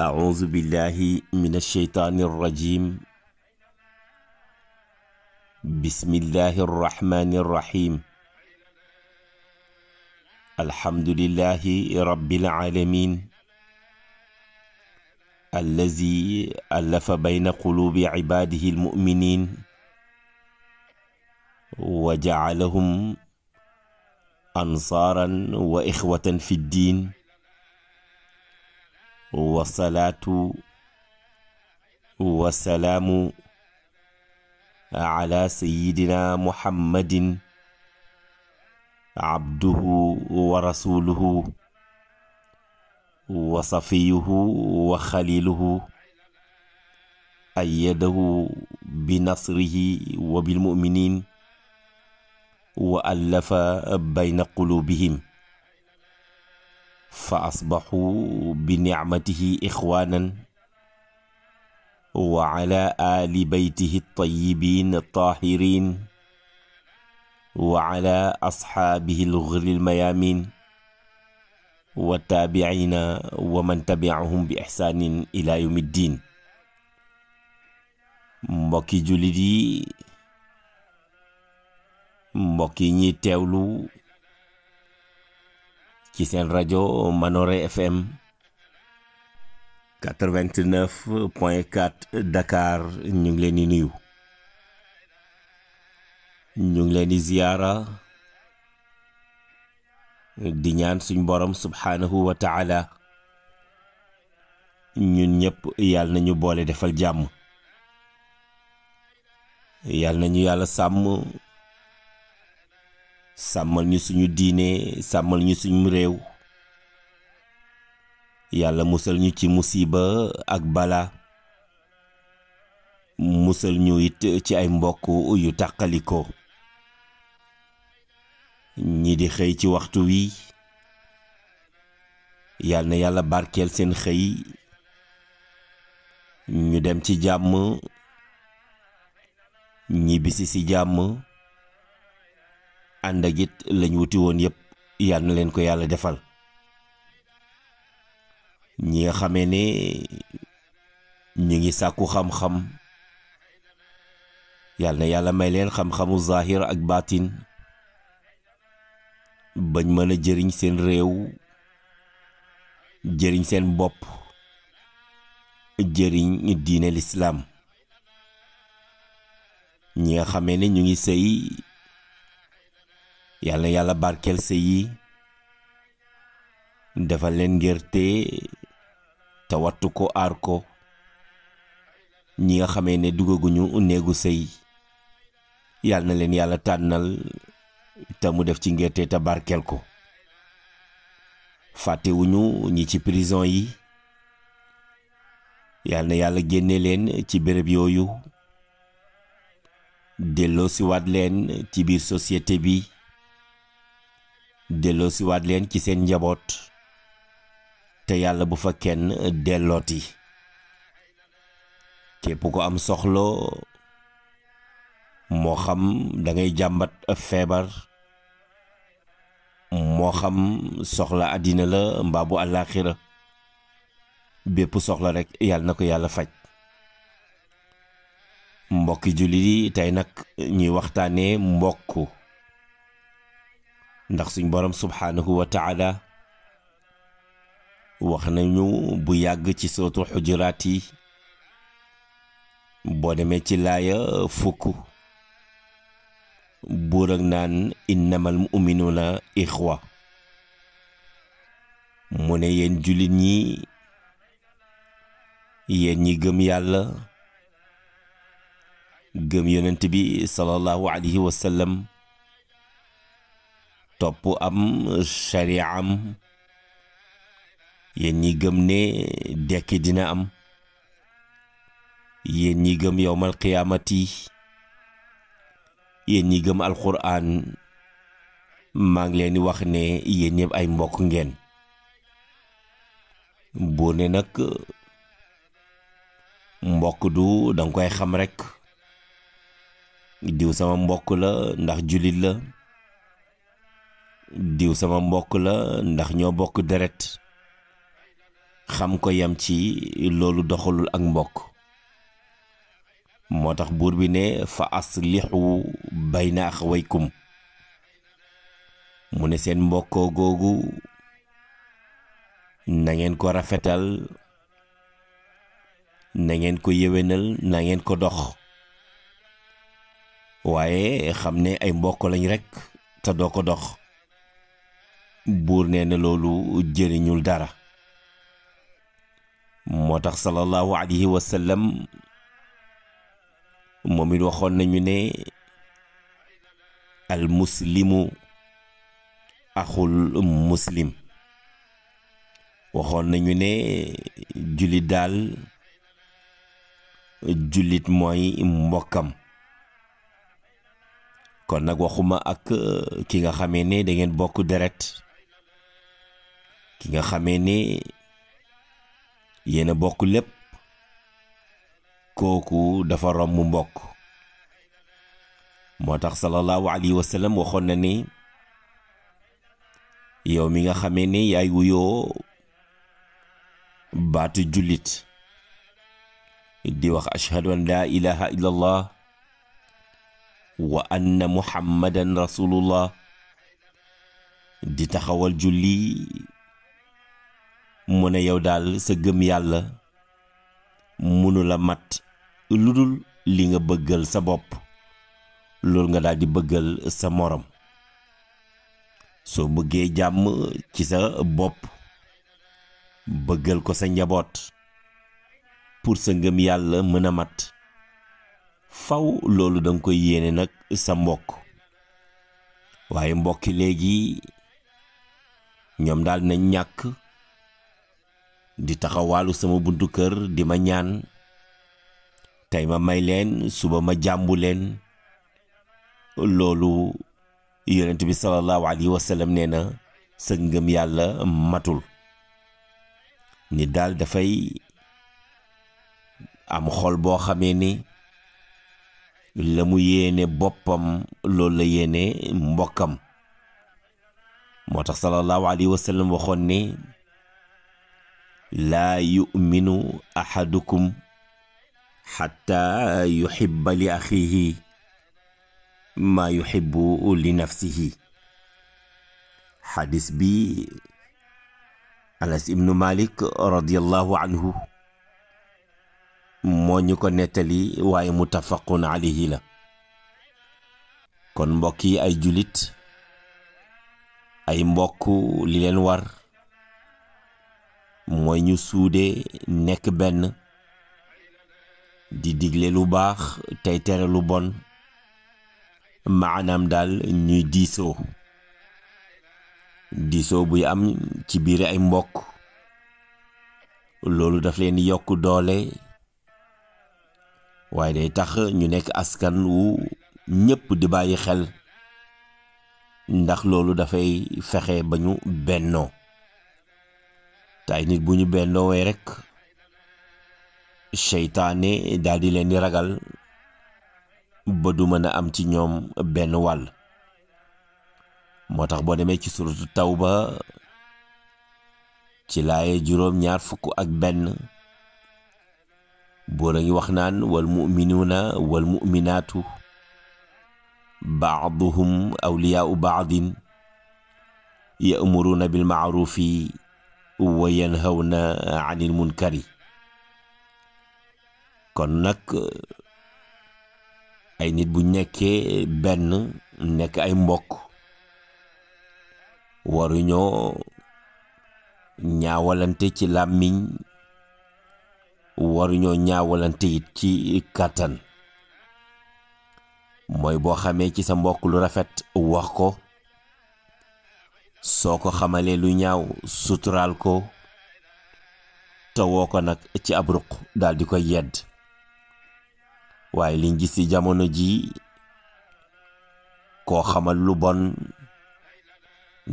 أعوذ بالله من الشيطان الرجيم بسم الله الرحمن الرحيم الحمد لله رب العالمين الذي ألف بين قلوب عباده المؤمنين وجعلهم أنصارا وإخوة في الدين wasalaatu wasalaamu ala sayidina muhammadin abduhu wa rasuluhu wa safiyuhu wa xaliluhu ayyadahu bi nasrihi wa bilmuminin wa allafa bayna qulubihim fa asbaxu bi nicmatihi ixwaanan wa ala aali baytihi altayibiin altaahirin wa ala asxaabihi alguri almayaamin wa taabiciina wa man tabicahum bi ixsaanin ila yawmi ddiin mbokki jullit yi mbokki ñi teewlu ci seen rajo Manore FM 89 Dakar ñu ngi leen di nuyu ñu ngi leen di ziyaara di ñaan suñ borom subhaanahu wa ñun ñëpp yàlla nañu boole defal jàmm yàlla nañu yàlla sàmm sàmmal ñu suñu diine sàmmal ñu suñu réew yàlla musal ñu ci musiba ak balaa musal ñu it ci ay mbokk yu tàqaliko ñii di xëy ci waxtu wi yal na yàlla barkeel seen xëy ñu dem ci jàmm ñibbisi ci jàmm ànd ak it lañ wuti woon yëpp yal na leen ko yàlla defal ñi nga xamee ni ñu ngi sàkku xamxam xam yal na yàlla may leen xamxamu xamu zahir ak baatin bañ mën a jëriñ seen réew jëriñ seen bopp jëriñ diine lislaam ñi nga xamee ne ñu ngi sëy yàlla yàlla barkeel sëy yi defal leen ngerte te wattu ko aar ko ñi nga xame ne dugaguñu néegu sëy yàlla na leen yàlla tànnal te mu def ci ngerte te barkeel ko fàttewuñu ñi ci prison yi yàlla na yàlla génne leen ci béréb yooyu delloo siwaat leen ci biir société bi delloosiwaat leen ci seen njaboot te yàlla bu fa kenn dellooti képp ko am soxla moo xam da ngay jàmbat feebar moo xam soxla àddina la mbaa bu àllaaxira bépp soxla rekk yàlla na ko yàlla faj mbokki jullit yi tey nag ñuy waxtaanee mbokk ndax suñ borom subhaanahu wa taala wax nañu bu yàgg ci sootu xujuraat boo demee ci laaya fukk buur ak naan innamal muminuuna ixwa mu ne yéen jullit ñi yéen gëm yàlla gëm yonent bi sallallahu alayhi wa topp am sariya am yéen ñi gëm ne dekki dina am yéen ñi gëm yowmal qiyaamati yéen ñi gëm alquraan maa ngi leen di wax ne yéen ñëpp ay mbokk ngeen boo ne nag mbokk du danga koy xam rekk diw sama mbokk la ndax jullit la diw sama mbokk la ndax ñoo bokk deret xam ko yam ci loolu doxalul ak mbokk moo tax buur bi ne fa aslihu bayna axawaykum mu ne seen mbokkoo googu na ko rafetal na ngeen ko yéwénal nangeen ko dox waaye xam ne ay mbokk lañu rekk te doo ko dox buur nee na loolu jëriñul dara moo tax sallallahu alayhi wa sallam moom it waxoon nañu ne al muslimu axul muslim waxoon nañu ne jullit daal jullit mooy mbokkam kon nag waxuma ak ki nga xamee ne dangeen bokk deret ki nga xamee ne yéen a bokk lépp kooku dafa romb mbokk moo tax sallallahu alayhi wa sallam waxoon na ni yow mi nga xamee ne yaay wuyoo baatu jullit di wax ashhadu an laa ilaha illallah wa anna muhammadan rasulullah di taxawal julli mu ne yow daal sa gëm yàlla mënula mat lu dul li nga bëggal sa bopp loolu nga daal di bëggal sa moroom soo bëggee jàmm ci sa bopp bëggal ko sa njaboot pour sa ngëm yàlla mën a mat faw loolu danga koy yéene nag sa mbokk waaye mbokki léegi ñoom daal nañ ñàkk di taxawaalu sama buntu kër di ma ñaan tey ma may leen suba ma jàmbu leen loolu yonent bi sallallahu alayhi wa sallam nee na sa ngëm yàlla matul ni daal dafay am xol boo xamee ni la mu yéene boppam loolu la yéene mbokkam moo tax sallallahu alayhi wa sallam waxoon ni laa yuminu ahadukum xatta yuhibba li axihi maa yuhibbu li nafsihi xadis bi anas ibnu malik radiallahu anhu moo ñu ko nettali waaye muttafaqun alayhi la kon mbokk yi ay julit ay mbokk li leen war mooy ñu suude nekk benn di digle lu baax tey tere lu bon maanaam daal ñuy diisoo diisoo buy am ci biir ay mbokk loolu daf leen yokk doole waaye day tax ñu nekk askan wu ñépp di bàyyi xel ndax loolu dafay fexe ba ñu bennoo te ay nit bu ñu bennoowee rek seytaane daal di leen di ragal ba du mën a am ci ñoom benn wàll moo tax boo demee ci suratu tawba ci laaye juróom ñaar fukk ak benn boo la ngi wax naan wal muminuuna wal muminaatu baaduhum awliyaau baadin ya'muruuna bil maarufi wa yanhawna anil munkari kon nag eh, ay nit bu nekkee benn nekk ay mbokk waruñoo ñaawalante ci làmmiñ waruñoo ñaawalante it ci kàttan mooy boo xamee ci sa mbokk lu rafet wax ko soo ko xamalee lu ñaaw suturaal ko te ko nag ci ab ruq daal di koy yedd waaye liñ gis ci jamono ji koo xamal lu bon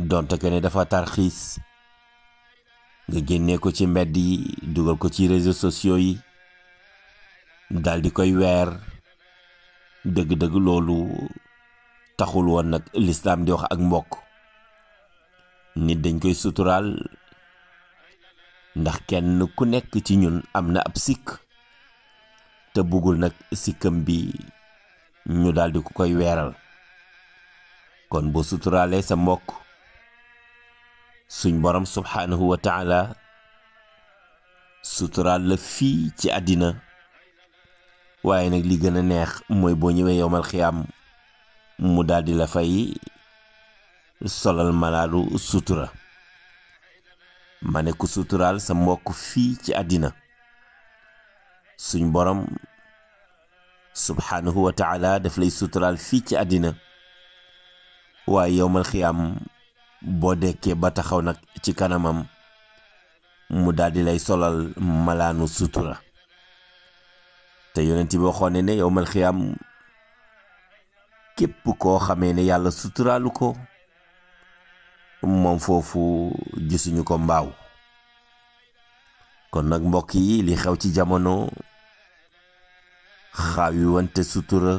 donte ko ne dafa tarxiis nga génnee ko ci mbedd yi dugal ko ci réseaux sociaux yi daldi koy weer dëgg-dëgg loolu taxul woon nag lislaam di wax ak mbokk nit dañ koy suturaal ndax kenn ku nekk ci ñun am na ab sikk te bëggul nag sikkam bi ñu daldi ko koy weeral kon boo suturaalee sa mbokk suñ borom subhaanahu wa taala suturaal la fii ci àddina waaye nag li gën a neex mooy boo ñëwee yowmal xiyaam mu daldi la fay solal malaanu sutura ma ne ku suturaal sa mbokk fii ci àddina suñ borom subhaanahu wa taala daf lay suturaal fii ci àddina waaye yowmal xiyaam boo dekkee ba taxaw nag ci kanamam mu daldi lay solal malaanu sutura te yonent bi waxoon ne ne yowmal xiyaam képp koo xamee ne yàlla suturaalu ko moom foofu gisuñu ko mbaaw kon nag mbokk yi li xew ci jamono xaawi sutura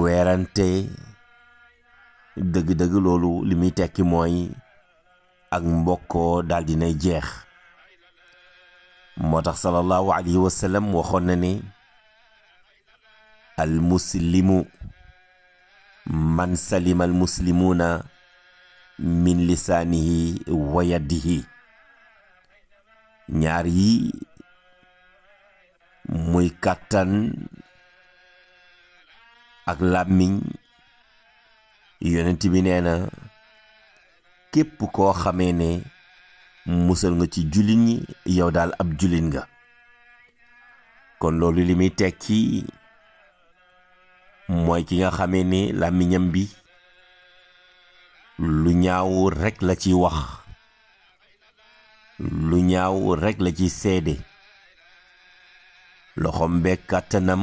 weerante dëgg-dëgg loolu li muy tekki mooy ak mbokkoo daal dinay jeex moo tax sallallahu alayhi wa waxoon na ne al muslimu man min lisaanihi wa yi ñaar yi muy kàttan ak làmmiñ yonent bi nee na képp koo xamee ne musal nga ci jullit ñi yow daal ab jullit nga kon loolu li muy tekki mooy ki nga xamee ne làmmiñam bi lu ñaaw rekk la ci wax lu ñaaw rekk la ci seede loxoom be kàttanam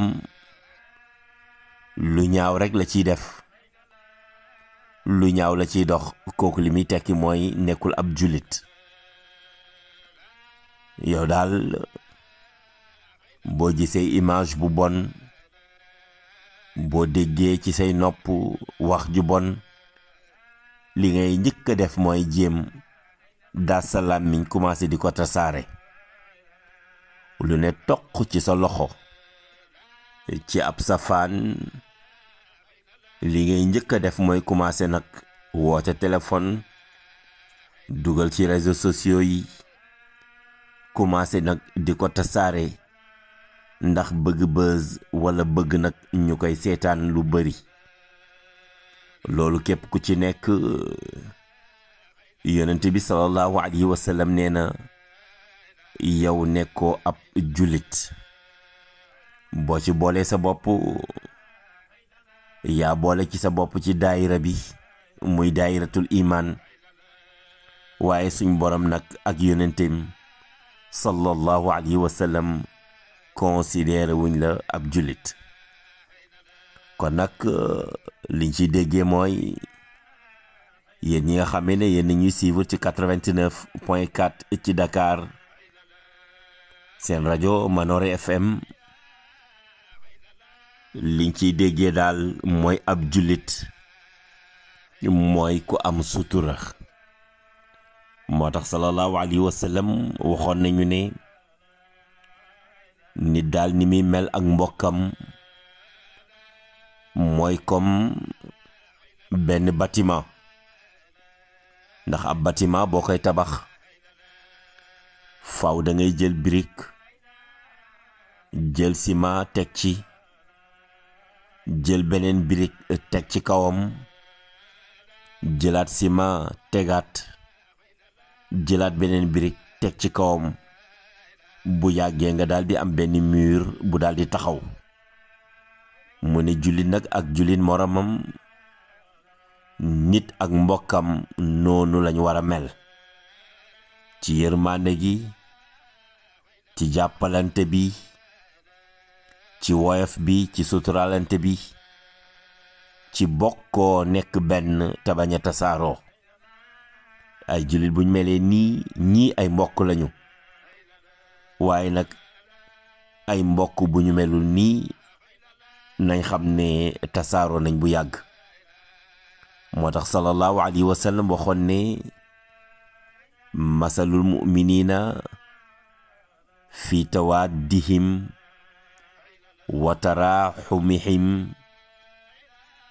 lu ñaaw rekk la ciy def lu ñaaw la ciy dox kooku li muy tekki mooy nekkul ab jullit yow daal boo gisee image bu bon boo déggee ci say nopp wax ju bon li ngay njëkk def mooy jéem daas sa làmmiñ commencé di ko tasaare lu ne toq ci sa loxo ci ab safaan li ngay njëkk a def mooy commencé nag woote téléphone dugal ci réseau sociaux yi commencé nag di ko tasaare ndax bëgg buzz wala bëgg nag ñu koy seetaan lu bari loolu képp ku ci nekk yonent bi sallallahu alayhi wa sallam nee na yow nekkoo ab jullit boo ci boolee sa bopp yaa boole ci sa bopp ci daayira bi muy daayiratul imaan waaye suñ borom nag ak yonenteem sallallahu alayhi wa sallam considéré wuñ la ab jullit kon nag euh, liñ ci déggee mooy yéen ñi nga xamee ne yéen ñuy suivre ci 89 point 4 ci Dakar seen rajo Manore FM liñ ciy déggee daal mooy ab jullit mooy ku am sutura moo tax sallallahu alayhi wa waxoon nañu ne nit daal ni muy mel ak mbokkam mooy comme benn bâtiment ndax ab bâtiment boo koy tabax faw dangay jël brique jël ciment teg ci jël beneen brique teg ci kawam jëlaat ciment tegaat jëlaat beneen brique teg ci kawam bu yàggee nga daal di am benn mur bu daal di taxaw mu ne jullit nag ak jullit moromam nit ak mbokkam noonu lañu war a mel ci yërmande gi ci jàppalante bi ci woyof bi ci suturalante bi ci bokkoo nekk benn te bañ a tasaaroo ay jullit buñ melee nii ñii ay mbokk lañu waaye nag ay mbokk bu ñu melul nii nañ xam ne tasaaroo nañ bu yàgg moo tax sallallahu alayhi wa sallam waxoon ne masalul muminina fi tawaddihim wa taraxumihim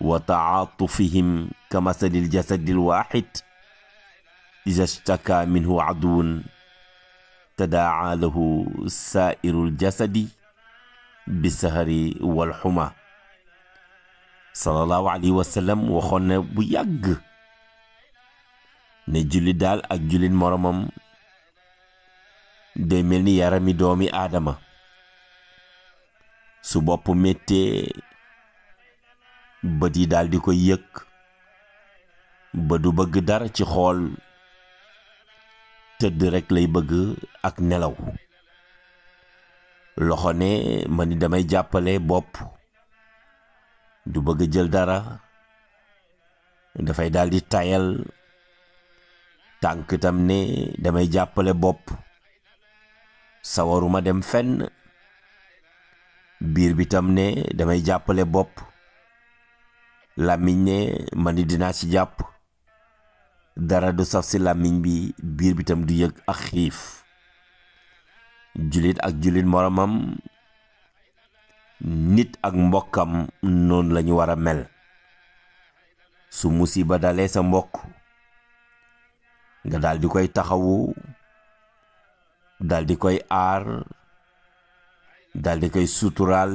wa taatufihim ka masalil jasadil waxid iza shtaka minhu aduwun tadaa lahu sairul jasadi bisahari wal xuma sallallahu alayhi wa sallam waxoon na bu yàgg ne julli daal ak jullit moromam day mel ni yarami doomi aadama su bopp méttee bët yi daal koy yëg ba du bëgg dara ci xool tëdd rekk lay bëgg ak nelaw loxo ne ma ni damay jàppale bopp du bëgg a jël dara dafay daldi di tayal tànk tam ne damay jàppale bopp sawaruma dem fenn biir bi tam ne damay jàppale bopp làmmiñ ne ma ni dinaa ci jàpp dara du saf si làmmiñ bi biir bi tam du yëg ak xiif julit ak julit moromam nit ak mbokkam noonu lañu war a mel su musiba dalee sa mbokk nga daal koy taxawu daldi koy aar daldi koy suturaal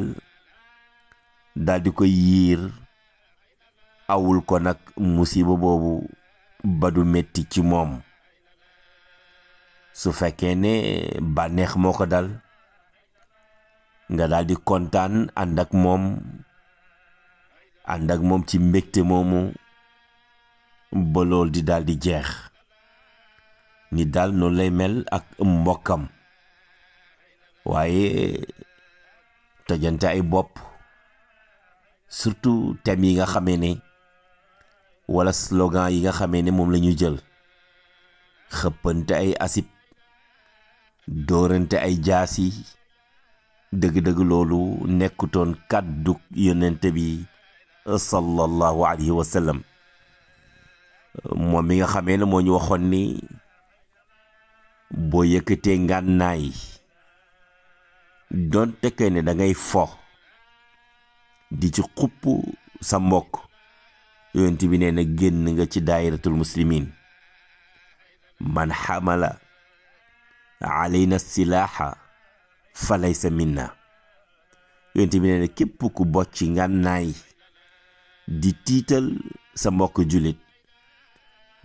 daldi di koy yiir awul ko nag musiba boobu ba du metti ci moom su fekkee ne bànneex moo ko dal nga daal di kontaan ànd ak moom ànd ak moom ci mbégte moomu ba lool di daal di jeex ni daal noonu lay mel ak mbokkam waaye tojante ay bopp surtout thèmes yi nga xamee ne walla slogan yi nga xame ne moom la jël xëppante ay asib dóorante ay jaas yi dëgg-dëgg loolu nekkutoon kàddu yonente bi sallallahu alayhi wa sallam moom mi nga xamee ne moo ñu waxoon ni boo yëkkatee ngànnaay donte kay ne dangay fo di ci xupp sa mbokk yonente bi nee na génn nga ci daayiratul muslimin man xamala alayna silaaxa falaysa minna yonent bi nee na képp ku bocci ngànnaay di tiital sa mbokk jullit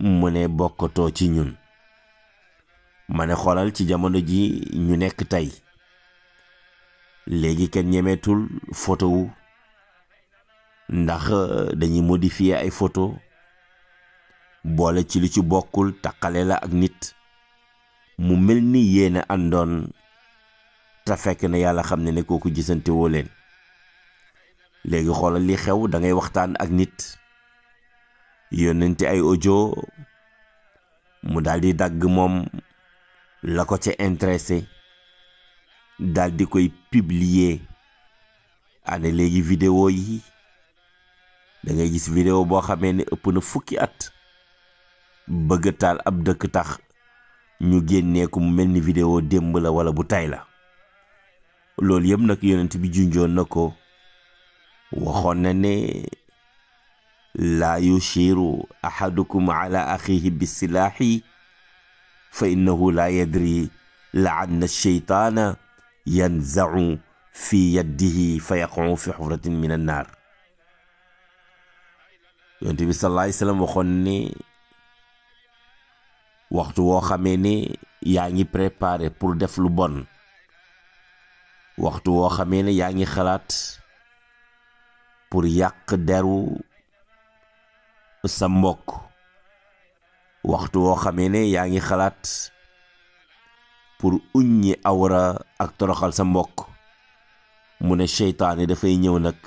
mu ne bokkatoo ci ñun ma ne xoolal ci jamono ji ñu nekk tey léegi kenn ñemeetul photo ndax euh, dañuy modifier ay photo boole ci lu ci bokkul taqale la ak nit mu mel ni yéen a àndoon te fekk na yàlla xam ne ne kooku gisante woo leen léegi xoolal li xew dangay waxtaan ak nit yónnante ay audio mu dal di dagg moom la ko ca intéressé daal di koy publier ànd léegi vidéo yi dangay gis vidéo boo xamee ne ëpp na fukki at bëgg taal ab dëkk tax ñu génnee ko mu mel ni vidéo démb wala bu tay la loolu yëpp nag yonent bi junjoon na ko waxoon na ne laa yushiru ahadukum ala bi silaaxi fa innahu laa yadri laanna sheytaana yanzacu fi yaddihi fa yaqacu fi xufratin min annaar waxtu woo xamee ne yaa ngi préparé pour def lu bon waxtu woo xamee ne yaa ngi xalaat pour yàq deru sa mbokk waxtu woo xamee ne yaa ngi xalaat pour uññi awra ak toroxal sa mbokk mu ne seytaane dafay ñëw nag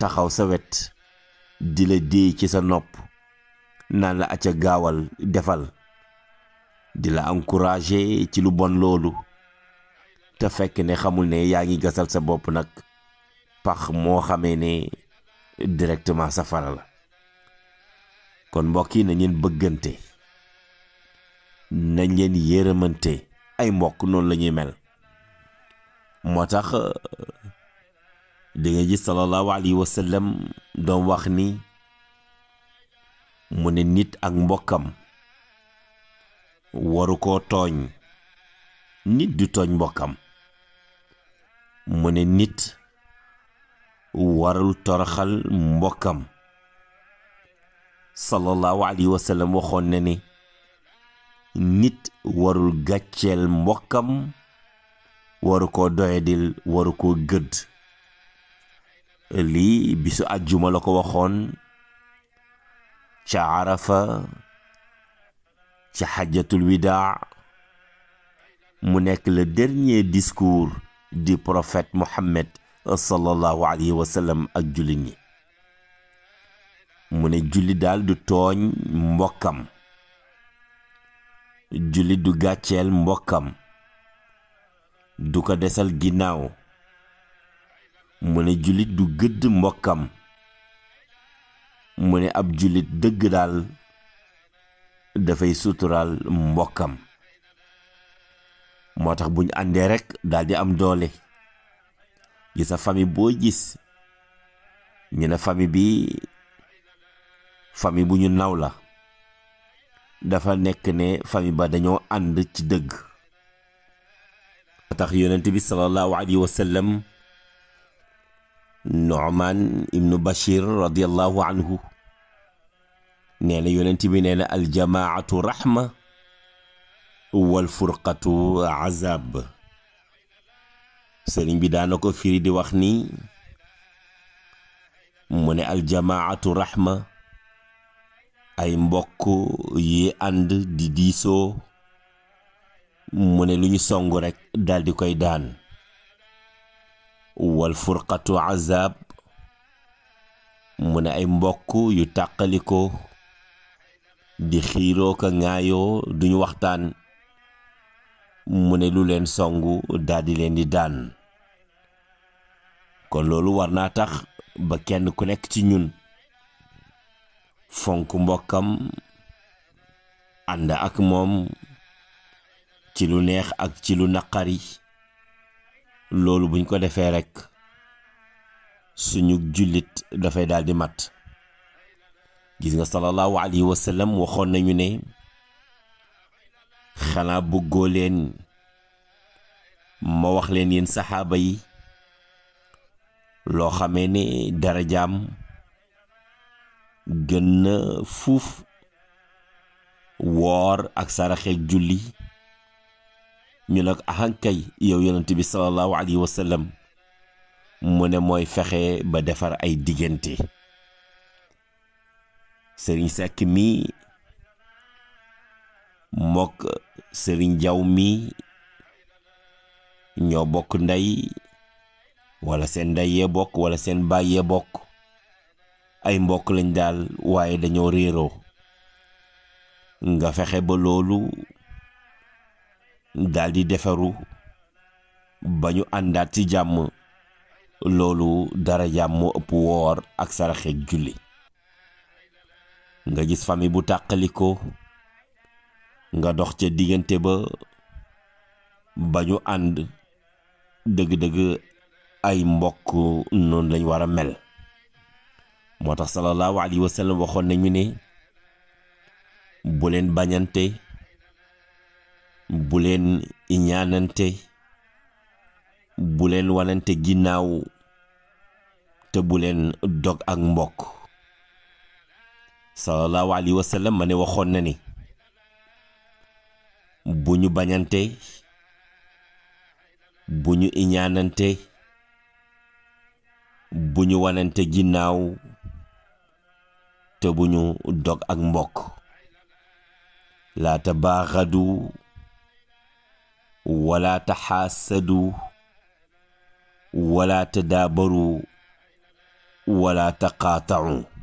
taxaw sa wet di la déey ci sa nopp naan la acca gaawal defal di la encourager ci lu bon loolu te fekk ne xamul ne yaa ngi gasal sa bopp nag pax moo xamee ne directement safara la kon mbokk yi nañ leen bëggante nañ leen yërëmante ay mbokk noonu la ñuy mel moo tax di nga gis sallallahu alayhi wa sallam doon wax ni mu ne nit ak mbokkam waru koo tooñ nit du tooñ mbokkam mu ne nit warul toroxal mbokkam sallallahu alayhi wa sallam waxoon na ni nit warul gàcceel mbokkam waru koo doyadil waru koo gëdd lii bisu àjjuma la ko waxoon ca Arafa ci xajatul widaa mu nekk la dernier discours di prophète Mohammed sallallahu alayhi wa ak jullit ñi mu ne julli daal du tooñ mbokkam julli du gàcceel mbokkam du ko desal ginnaaw mu ne jullit du gëdd mbokkam mu ne ab jullit dëgg daal dafay suturaal mbokkam moo tax buñ àndee rekk daal di am doole gi sa famille boo gis ñu ne famille bi famille bu ñu naw la dafa nekk ne famille ba dañoo ànd ci dëgg moo tax yonent bi sallallahu alayhi wa sallam ibnu Bashir radiyallahu anhu nee na yonent bi nee na aljamaatu rahma wal furqatu azab sëriñ bi daana ko firi di wax ni mu ne aljamaatu raxma ay mbokk yi ànd di diisoo mu ne lu ñu song rekk daldi koy daan wal furqatu azab mu ne ay mbokk yu tàqaliko di xiiroo ka ŋaayoo duñu waxtaan mu ne lu leen songu daldi leen di daan kon loolu war naa tax ba kenn ku nekk ci ñun fonk mbokkam ànd ak moom ci lu neex ak ci lu naqari loolu buñ ko defee rekk suñu jullit dafay daldi mat gis nga sallallahu alayhi wa sallam waxoon nañu ne xanaa bëggoo leen ma wax leen yéen saxaaba yi loo xamee ne darajaam gën na fuuf woor ak saraxeeg julli ñu nag ahankay yow yonent bi sallallahu alayhi wa sallam mu ne mooy fexe ba defar ay diggante sëriñ Seck mii mbokk sëriñ Jaw mii ñoo bokk ndey wala seen ndey yee bokk wala seen baay yee bokk ay mbokk lañ daal waaye dañoo réeroo nga fexe ba loolu daal defaru ba ñu àndaat ci jàmm loolu dara jàmm ëpp woor ak saraxeeg julli nga gis famille bu tàqalikoo nga dox ca diggante ba ba ñu ànd dëgg-dëgg ay mbokk noonu lañ war a mel moo tax sallallahu alayhi wa waxoon nañu ne bu leen bañante buleen leen iñaanante bu wanante ginnaaw te buleen dog ak mbokk sallallahu alayhi wa ma ne waxoon na ni bu ñu bañante bu ñu iñaanante bu ñu wanante ginnaaw te bu ñu dog ak mbokk laa tabaaxadu wala taxaasadu wala tadaabaru wala taqaatacu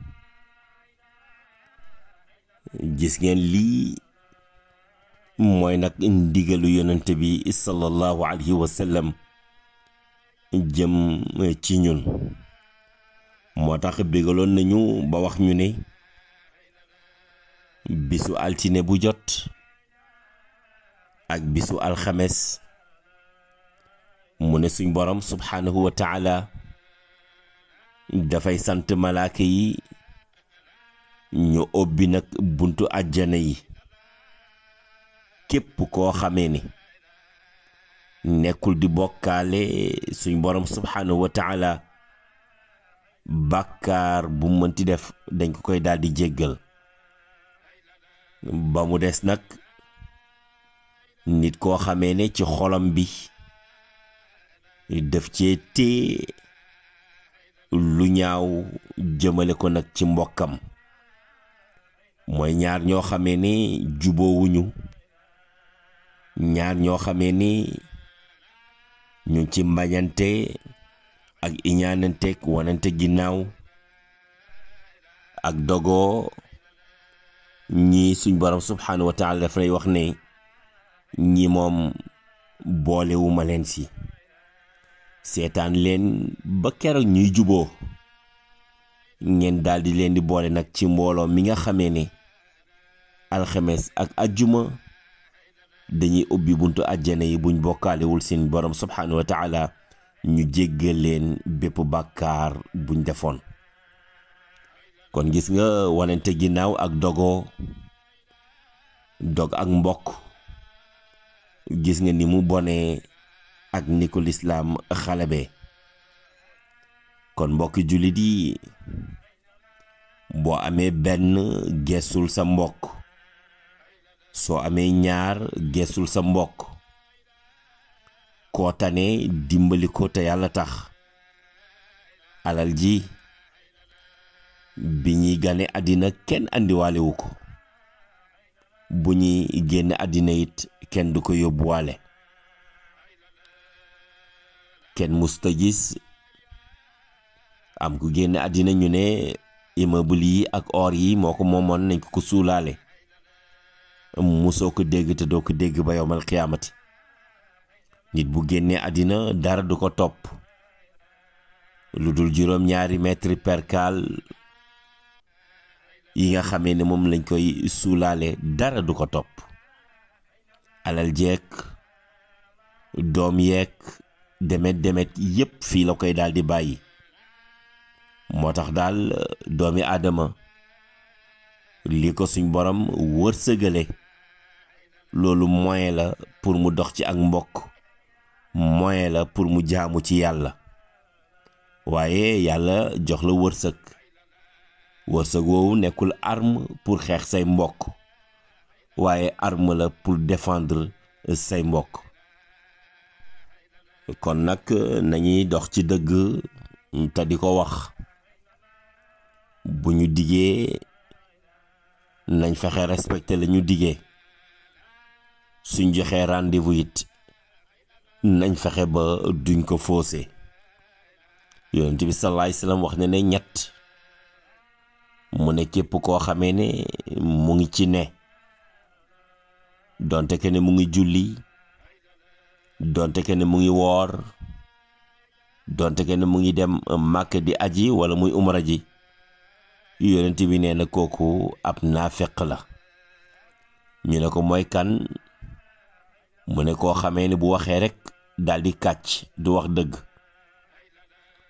gis ngeen lii mooy nag ndigalu yonent bi sallallahu alayhi wa jëm ci ñun moo tax bégaloon nañu ba wax ñu ne bisu altine bu jot ak bisu alxemes mu ne suñ boroom subhaanahu wa dafay sant malaaka yi ñu ubbi nag buntu àjjana yi képp koo xamee ni nekkul di bokkaale suñ borom subhaanahu wa taala bàkkaar bu mënti def dañ ko koy daal jéggal ba mu des nag nit koo xamee ne ci xolam bi def ci tée lu ñaaw jëmale ko nag ci mbokkam mooy ñaar ñoo xame ni juboowuñu ñaar ñoo xame ni ñu ci mbañante ak iñaananteeg wanante ginnaaw ak dogoo ñii suñ borom subhaanahu wa taala lay wax ne ñii moom boolewuma leen si seetaan leen ba keroog ñuy juboo ngeen daal di leen di boole nag ci mbooloo mi nga xamee ne alxemes ak ajjuma dañuy ubbi buntu àjjana yi buñ bokkaalewul seen borom subhaanahu wa ñu jéggal leen bépp bàkkaar buñ defoon kon gis nga wanante ginnaaw ak dogoo dog ak mbokk gis nga ni mu bone ak ni ko lislaam xale bee kon mbokki jullit yi boo amee benn geesul sa mbokk soo amee ñaar geesul sa mbokk koo tane dimbali ko te yàlla tax alal ji bi ñuy gane àddina kenn andiwaalewu ko bu ñuy génn àddina it kenn du ko yóbbuwaale kenn musta gis am ku génn àddina ñu ne immeuble yi ak or yi moo ko moomoon nañ ko ko suulaale musoo ko dégg te doo ko dégg ba yowmal xiyaamati nit bu génnee àddina dara du ko topp lu dul juróom ñaari mètre percal yi nga xamee ne moom lañ koy suulaale dara du ko topp alal jeeg doom yeeg demet demet yépp fii la koy daal di bàyyi moo tax daal doomi aadama li ko suñ borom wërsëgale loolu moyen la pour mu dox ci ak mbokk moyen la pour mu jaamu ci yàlla waaye yàlla jox la wërsëg wërsëg woowu nekkul arme pour xeex say mbokk waaye arme la pour défendre say mbokk kon nag nañuy dox ci dëgg te di ko wax bu ñu diggee nañ fexe respecté lañu ñu suñ joxee rendez-vous it nañ fexe ba duñ ko faussé yonent bi sallallahu alayhi wasallam wax na ne ñett mu ne képp koo xamee ne mu ngi ci ne donte ke ne mu ngi julli donte ke ne mu ngi woor donte ke ne mu ngi dem màkk di aji wala muy umara ji yonent bi nee na kooku ab naafeq la ñu ne ko mooy kan mu ne koo xamee ne bu waxee rekk daldi kàcc du wax dëgg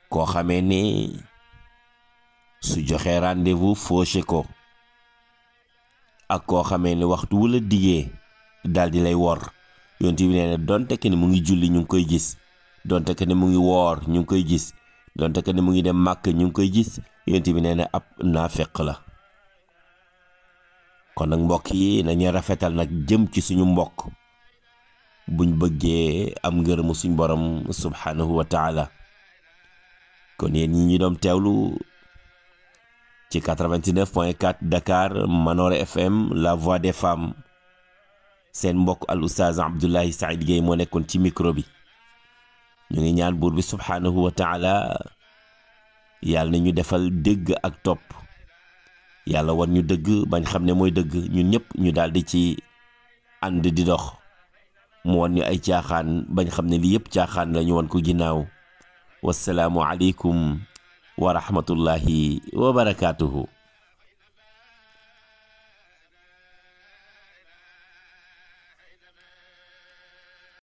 koo xamee ni su joxee rendez-vous fauché ko ak koo xamee ne waxtu wu la diggee daldi lay wor yonent bi nee na donte ke ne mu ngi julli ñu ngi koy gis donte ke ne mu ngi woor ñu ngi koy gis donte ke ne mu ngi dem màkk ñu ngi koy gis yonent bi nee na ab naafeq la kon nag mbokk yi nañu rafetal nag jëm ci suñu mbokk buñ bëggee am ngërëmu suñ borom subhaanahu wa kon yéen ñi ñu doon teewlu ci 89 point 4 Dakar Manor FM La Voix des Femmes seen mbokk al oustaz Abdoulaye Saïd Gueye moo nekkoon ci micro bi ñu ngi ñaan buur bi subhaanahu wa taala yàlla na ñu defal dégg ak topp yàlla war ñu dëgg bañ xam ne mooy dëgg ñun ñëpp ñu daal di ci ànd di dox mu wan ñu ay caaxaan bañ xam ne lii yëpp caaxaan la wan ko ginnaaw wasalaamu aleykum wa rahmatullahi wa barakaatuhu